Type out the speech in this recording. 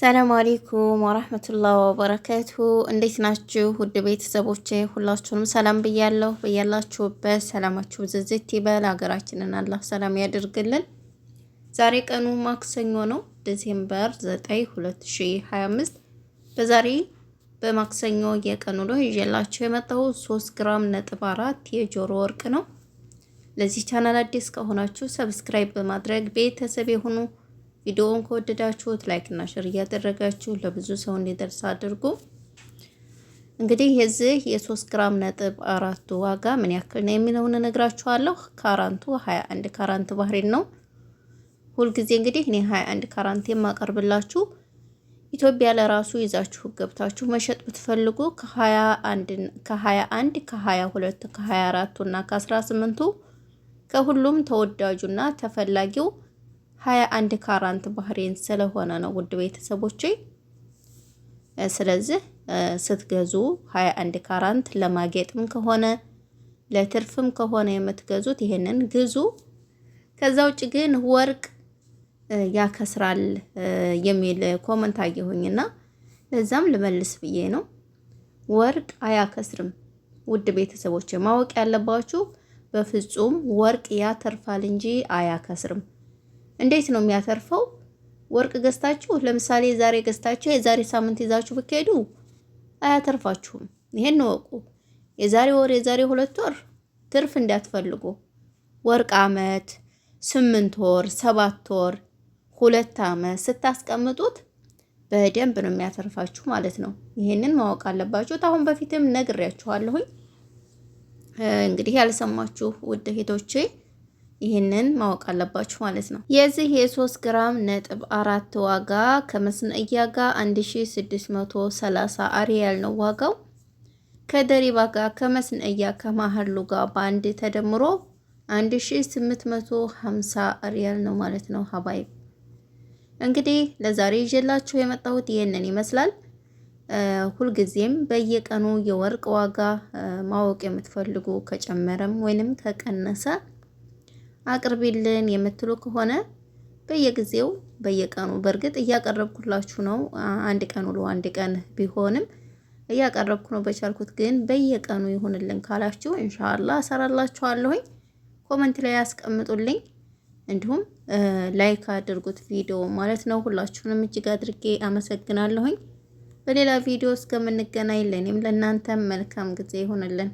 ሰላም አሌይኩም ወራህመቱላህ ወበረከቱ። እንዴት ናችሁ ውድ ቤተሰቦቼ? ሁላችሁንም ሰላም ብያለሁ። በያላችሁበት ሰላማችሁ ብዝዝት ይበል። ሀገራችንን አላህ ሰላም ያደርግልን። ዛሬ ቀኑ ማክሰኞ ነው፣ ዲሴምበር 9 2025። በዛሬ በማክሰኞ የቀኑ ውሎ ይዤላችሁ የመጣሁት 3 ግራም ነጥብ አራት የጆሮ ወርቅ ነው። ለዚህ ቻናል አዲስ ከሆናችሁ ሰብስክራይብ በማድረግ ቤተሰብ የሆኑ ቪዲዮውን ከወደዳችሁት ላይክና ሸር እያደረጋችሁ ለብዙ ሰው እንዲደርስ አድርጉ። እንግዲህ የዚህ የሶስት ግራም ነጥብ አራቱ ዋጋ ምን ያክል ነው የሚለውን እነግራችኋለሁ። ካራንቱ 21 ካራንት ባህሬን ነው። ሁልጊዜ እንግዲህ እኔ 21 ካራንት የማቀርብላችሁ ኢትዮጵያ ለራሱ ይዛችሁ ገብታችሁ መሸጥ ብትፈልጉ ከ21 ከ22 24 እና ከ18ቱ ከሁሉም ተወዳጁና ተፈላጊው አንድ ካራንት ባህሬን ስለሆነ ነው ውድ ቤተሰቦቼ። ስለዚህ ስትገዙ አንድ ካራንት ለማጌጥም ከሆነ ለትርፍም ከሆነ የምትገዙት ይሄንን ግዙ። ከዛ ውጭ ግን ወርቅ ያከስራል የሚል ኮመንት አየሁኝና ለዛም ልመልስ ብዬ ነው። ወርቅ አያከስርም ውድ ቤተሰቦች ማወቅ ያለባችሁ በፍጹም ወርቅ ያተርፋል እንጂ አያከስርም። እንዴት ነው የሚያተርፈው? ወርቅ ገዝታችሁ ለምሳሌ ዛሬ ገዝታችሁ የዛሬ ሳምንት ይዛችሁ ብትሄዱ አያተርፋችሁም። ይሄን ወቁ የዛሬ ወር የዛሬ ሁለት ወር ትርፍ እንዳትፈልጉ። ወርቅ አመት፣ ስምንት ወር፣ ሰባት ወር፣ ሁለት አመት ስታስቀምጡት በደንብ ነው የሚያተርፋችሁ ማለት ነው። ይሄንን ማወቅ አለባችሁ። አሁን በፊትም ነግሬያችኋለሁኝ። እንግዲህ ያልሰማችሁ ውድ ሄቶቼ ይህንን ማወቅ አለባችሁ ማለት ነው። የዚህ የ3 ግራም ነጥብ አራት ዋጋ ከመስነእያ ጋር 1630 አሪያል ነው ዋጋው። ከደሪባ ጋር ከመስነእያ ከማህሉ ጋር በአንድ ተደምሮ 1850 አሪያል ነው ማለት ነው። ሀባይ እንግዲህ ለዛሬ ይዤላችሁ የመጣሁት ይህንን ይመስላል። ሁልጊዜም በየቀኑ የወርቅ ዋጋ ማወቅ የምትፈልጉ ከጨመረም ወይንም ከቀነሰ አቅርቢልን የምትሉ ከሆነ በየጊዜው በየቀኑ በእርግጥ እያቀረብኩላችሁ ነው። አንድ ቀን ውሎ አንድ ቀን ቢሆንም እያቀረብኩ ነው በቻልኩት። ግን በየቀኑ ይሁንልን ካላችሁ እንሻላ እሰራላችኋለሁኝ። ኮመንት ላይ ያስቀምጡልኝ፣ እንዲሁም ላይክ አድርጉት ቪዲዮ ማለት ነው። ሁላችሁንም እጅግ አድርጌ አመሰግናለሁኝ። በሌላ ቪዲዮ እስከምንገናኝ ለእኔም ለእናንተም መልካም ጊዜ ይሁንልን።